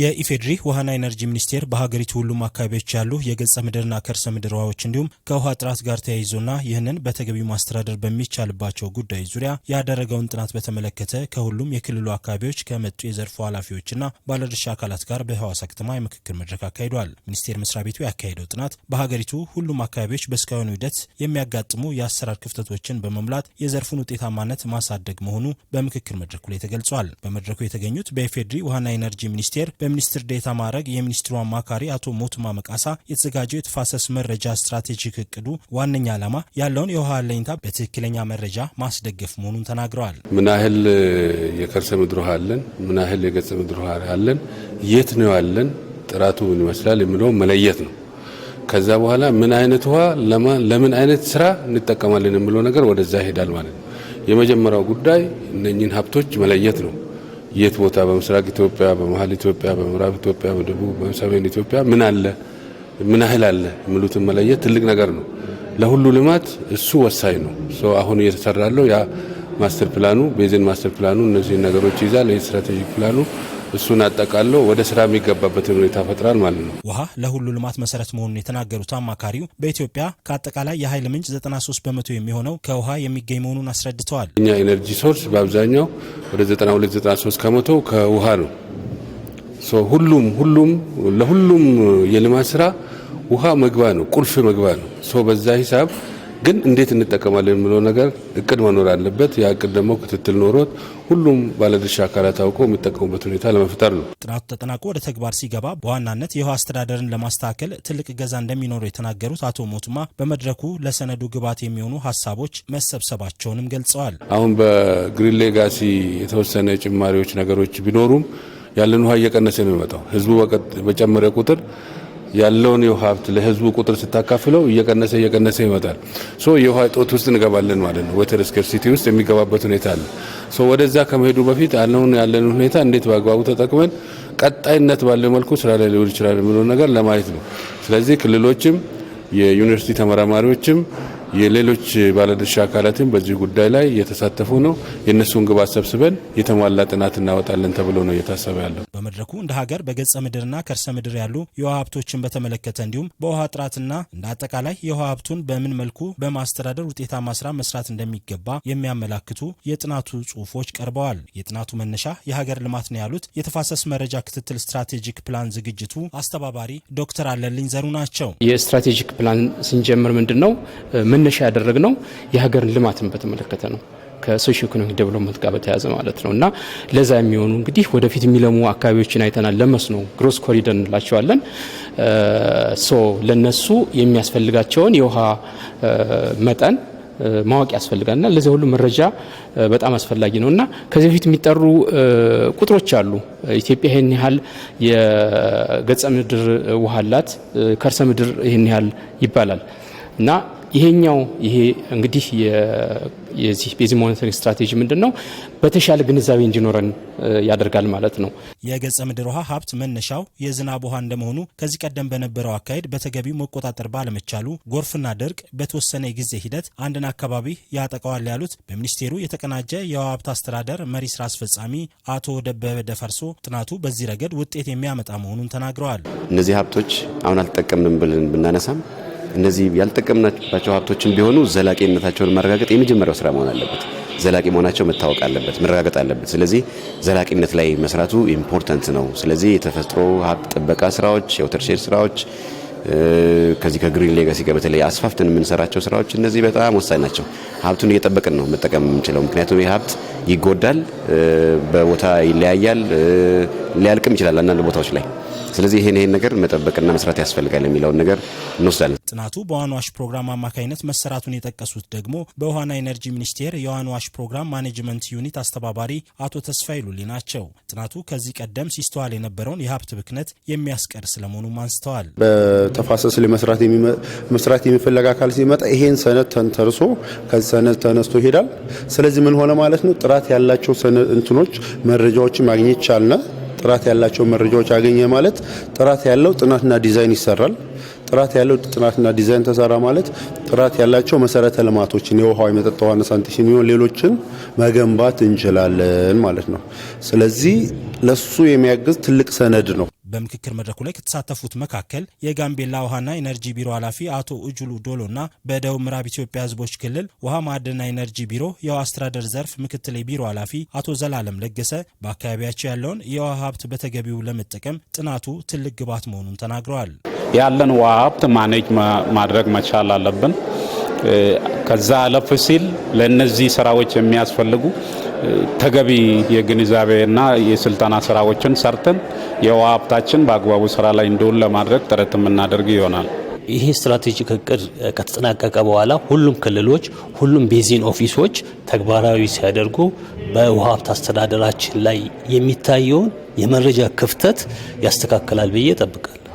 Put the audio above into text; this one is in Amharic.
የኢፌድሪ ውሃና ኤነርጂ ሚኒስቴር በሀገሪቱ ሁሉም አካባቢዎች ያሉ የገጸ ምድርና ከርሰ ምድር ውሃዎች እንዲሁም ከውሃ ጥራት ጋር ተያይዞና ይህንን በተገቢው ማስተዳደር በሚቻልባቸው ጉዳዮች ዙሪያ ያደረገውን ጥናት በተመለከተ ከሁሉም የክልሉ አካባቢዎች ከመጡ የዘርፉ ኃላፊዎችና ባለድርሻ አካላት ጋር በሐዋሳ ከተማ የምክክር መድረክ አካሂዷል። ሚኒስቴር መስሪያ ቤቱ ያካሄደው ጥናት በሀገሪቱ ሁሉም አካባቢዎች በእስካሁኑ ሂደት የሚያጋጥሙ የአሰራር ክፍተቶችን በመሙላት የዘርፉን ውጤታማነት ማሳደግ መሆኑ በምክክር መድረኩ ላይ ተገልጿል። በመድረኩ የተገኙት በኢፌድሪ ውሃና ኤነርጂ ሚኒስቴር በሚኒስትር ዴታ ማዕረግ የሚኒስትሩ አማካሪ አቶ ሞቱማ መቃሳ የተዘጋጀው የተፋሰስ መረጃ ስትራቴጂክ እቅዱ ዋነኛ ዓላማ ያለውን የውሃ አለኝታ በትክክለኛ መረጃ ማስደገፍ መሆኑን ተናግረዋል። ምን ያህል የከርሰ ምድር ውሃ አለን? ምን ያህል የገጸ ምድር ውሃ አለን? የት ነው ያለን? ጥራቱ ምን ይመስላል? የሚለው መለየት ነው። ከዛ በኋላ ምን አይነት ውሃ ለምን አይነት ስራ እንጠቀማለን የሚለው ነገር ወደዛ ይሄዳል ማለት ነው። የመጀመሪያው ጉዳይ እነኝን ሀብቶች መለየት ነው። የት ቦታ በምስራቅ ኢትዮጵያ፣ በመሀል ኢትዮጵያ፣ በምዕራብ ኢትዮጵያ፣ በደቡብ፣ በሰሜን ኢትዮጵያ ምን አለ ምን ያህል አለ የሚሉትን መለየት ትልቅ ነገር ነው። ለሁሉ ልማት እሱ ወሳኝ ነው። አሁን እየተሰራለው ያ ማስተር ፕላኑ ቤዚን ማስተር ፕላኑ እነዚህን ነገሮች ይዛል። ስትራቴጂክ ፕላኑ እሱን አጠቃለው ወደ ስራ የሚገባበትን ሁኔታ ፈጥራል ማለት ነው። ውሃ ለሁሉ ልማት መሰረት መሆኑን የተናገሩት አማካሪው በኢትዮጵያ ከአጠቃላይ የኃይል ምንጭ 93 በመቶ የሚሆነው ከውሃ የሚገኝ መሆኑን አስረድተዋል። እኛ ኤነርጂ ሶርስ በአብዛኛው ወደ 9293 ከመቶ ከውሃ ነው። ሁሉም ሁሉም ለሁሉም የልማት ስራ ውሃ መግባ ነው፣ ቁልፍ መግባ ነው። በዛ ሂሳብ ግን እንዴት እንጠቀማለን የሚለው ነገር እቅድ መኖር አለበት። ያ እቅድ ደግሞ ክትትል ኖሮት ሁሉም ባለድርሻ አካላት አውቀው የሚጠቀሙበት ሁኔታ ለመፍጠር ነው። ጥናቱ ተጠናቆ ወደ ተግባር ሲገባ በዋናነት የውሃ አስተዳደርን ለማስተካከል ትልቅ ገዛ እንደሚኖሩ የተናገሩት አቶ ሞቱማ በመድረኩ ለሰነዱ ግብዓት የሚሆኑ ሀሳቦች መሰብሰባቸውንም ገልጸዋል። አሁን በግሪን ሌጋሲ የተወሰነ ጭማሪዎች ነገሮች ቢኖሩም ያለን ውሃ እየቀነሰ ነው የሚመጣው። ህዝቡ በጨመረ ቁጥር ያለውን የውሃ ሀብት ለህዝቡ ቁጥር ስታካፍለው እየቀነሰ እየቀነሰ ይመጣል። ሶ የውሃ እጦት ውስጥ እንገባለን ማለት ነው። ወተር ስኬርሲቲ ውስጥ የሚገባበት ሁኔታ አለ። ሶ ወደዛ ከመሄዱ በፊት አሁን ያለን ሁኔታ እንዴት በአግባቡ ተጠቅመን ቀጣይነት ባለው መልኩ ስራ ላይ ሊውል ይችላል የሚለውን ነገር ለማየት ነው። ስለዚህ ክልሎችም የዩኒቨርሲቲ ተመራማሪዎችም የሌሎች ባለድርሻ አካላትም በዚህ ጉዳይ ላይ እየተሳተፉ ነው። የእነሱን ግባት ሰብስበን የተሟላ ጥናት እናወጣለን ተብሎ ነው እየታሰበ ያለው። በመድረኩ እንደ ሀገር በገጸ ምድርና ከርሰ ምድር ያሉ የውሃ ሀብቶችን በተመለከተ እንዲሁም በውሃ ጥራትና እንደ አጠቃላይ የውሃ ሀብቱን በምን መልኩ በማስተዳደር ውጤታማ ስራ መስራት እንደሚገባ የሚያመላክቱ የጥናቱ ጽሁፎች ቀርበዋል። የጥናቱ መነሻ የሀገር ልማት ነው ያሉት የተፋሰስ መረጃ ክትትል ስትራቴጂክ ፕላን ዝግጅቱ አስተባባሪ ዶክተር አለልኝ ዘሩ ናቸው። የስትራቴጂክ ፕላን ስንጀምር ምንድን ነው መነሻ ያደረግነው የሀገርን ልማትን በተመለከተ ነው። ከሶሺዮ ኢኮኖሚክ ዴቨሎፕመንት ጋር በተያያዘ ማለት ነው እና ለዛ የሚሆኑ እንግዲህ ወደፊት የሚለሙ አካባቢዎችን አይተናል። ለመስኖ ግሮስ ኮሪደር እንላቸዋለን። ሶ ለነሱ የሚያስፈልጋቸውን የውሃ መጠን ማወቅ ያስፈልጋልና ለዚያ ሁሉ መረጃ በጣም አስፈላጊ ነው እና ከዚህ በፊት የሚጠሩ ቁጥሮች አሉ። ኢትዮጵያ ይህን ያህል የገጸ ምድር ውሃ አላት፣ ከርሰ ምድር ይህን ያህል ይባላል እና ይሄኛው ይሄ እንግዲህ የዚህ ቤዚ ሞኒተሪንግ ስትራቴጂ ምንድን ነው? በተሻለ ግንዛቤ እንዲኖረን ያደርጋል ማለት ነው። የገጸ ምድር ውሃ ሀብት መነሻው የዝናብ ውሃ እንደመሆኑ ከዚህ ቀደም በነበረው አካሄድ በተገቢው መቆጣጠር ባለመቻሉ ጎርፍና ድርቅ በተወሰነ ጊዜ ሂደት አንድን አካባቢ ያጠቀዋል ያሉት በሚኒስቴሩ የተቀናጀ የውሃ ሀብት አስተዳደር መሪ ስራ አስፈጻሚ አቶ ደበበ ደፈርሶ ጥናቱ በዚህ ረገድ ውጤት የሚያመጣ መሆኑን ተናግረዋል። እነዚህ ሀብቶች አሁን አልጠቀምንም ብለን ብናነሳም እነዚህ ያልጠቀምናቸው ሀብቶችን ቢሆኑ ዘላቂነታቸውን ማረጋገጥ የመጀመሪያው ስራ መሆን አለበት። ዘላቂ መሆናቸው መታወቅ አለበት፣ መረጋገጥ አለበት። ስለዚህ ዘላቂነት ላይ መስራቱ ኢምፖርታንት ነው። ስለዚህ የተፈጥሮ ሀብት ጥበቃ ስራዎች፣ የወተርሼድ ስራዎች ከዚህ ከግሪን ሌጋሲ ጋር በተለይ አስፋፍተን የምንሰራቸው ስራዎች እነዚህ በጣም ወሳኝ ናቸው። ሀብቱን እየጠበቅን ነው መጠቀም የምንችለው። ምክንያቱም ይህ ሀብት ይጎዳል፣ በቦታ ይለያያል፣ ሊያልቅም ይችላል አንዳንድ ቦታዎች ላይ ስለዚህ ይሄን ይሄን ነገር መጠበቅና መስራት ያስፈልጋል የሚለውን ነገር እንወስዳለን። ጥናቱ በዋን ዋሽ ፕሮግራም አማካኝነት መሰራቱን የጠቀሱት ደግሞ በውሃና ኤነርጂ ሚኒስቴር የዋን ዋሽ ፕሮግራም ማኔጅመንት ዩኒት አስተባባሪ አቶ ተስፋይ ሉሌ ናቸው። ጥናቱ ከዚህ ቀደም ሲስተዋል የነበረውን የሀብት ብክነት የሚያስቀር ስለመሆኑም አንስተዋል። በተፋሰስ መስራት የሚፈለግ አካል ሲመጣ ይሄን ሰነድ ተንተርሶ ከዚህ ሰነድ ተነስቶ ይሄዳል። ስለዚህ ምን ሆነ ማለት ነው ጥራት ያላቸው ሰነድ እንትኖች መረጃዎችን ማግኘት ቻልና ጥራት ያላቸው መረጃዎች አገኘ ማለት ጥራት ያለው ጥናትና ዲዛይን ይሰራል። ጥራት ያለው ጥናትና ዲዛይን ተሰራ ማለት ጥራት ያላቸው መሰረተ ልማቶችን የውሃ፣ የመጠጥ ውሃ ሳኒቴሽን ይሁን ሌሎችን መገንባት እንችላለን ማለት ነው። ስለዚህ ለሱ የሚያግዝ ትልቅ ሰነድ ነው። በምክክር መድረኩ ላይ ከተሳተፉት መካከል የጋምቤላ ውሃና ኢነርጂ ቢሮ ኃላፊ አቶ እጁሉ ዶሎና በደቡብ ምዕራብ ኢትዮጵያ ሕዝቦች ክልል ውሃ ማዕድንና ኢነርጂ ቢሮ የውሃ አስተዳደር ዘርፍ ምክትል ቢሮ ኃላፊ አቶ ዘላለም ለገሰ በአካባቢያቸው ያለውን የውሃ ሀብት በተገቢው ለመጠቀም ጥናቱ ትልቅ ግብዓት መሆኑን ተናግረዋል። ያለን ውሃ ሀብት ማኔጅ ማድረግ መቻል አለብን። ከዛ አለፍ ሲል ለእነዚህ ስራዎች የሚያስፈልጉ ተገቢ የግንዛቤና የስልጠና ስራዎችን ሰርተን የውሃ ሀብታችን በአግባቡ ስራ ላይ እንዲውል ለማድረግ ጥረት የምናደርግ ይሆናል። ይሄ ስትራቴጂክ እቅድ ከተጠናቀቀ በኋላ ሁሉም ክልሎች፣ ሁሉም ቤዚን ኦፊሶች ተግባራዊ ሲያደርጉ በውሃ ሀብት አስተዳደራችን ላይ የሚታየውን የመረጃ ክፍተት ያስተካክላል ብዬ እጠብቃለሁ።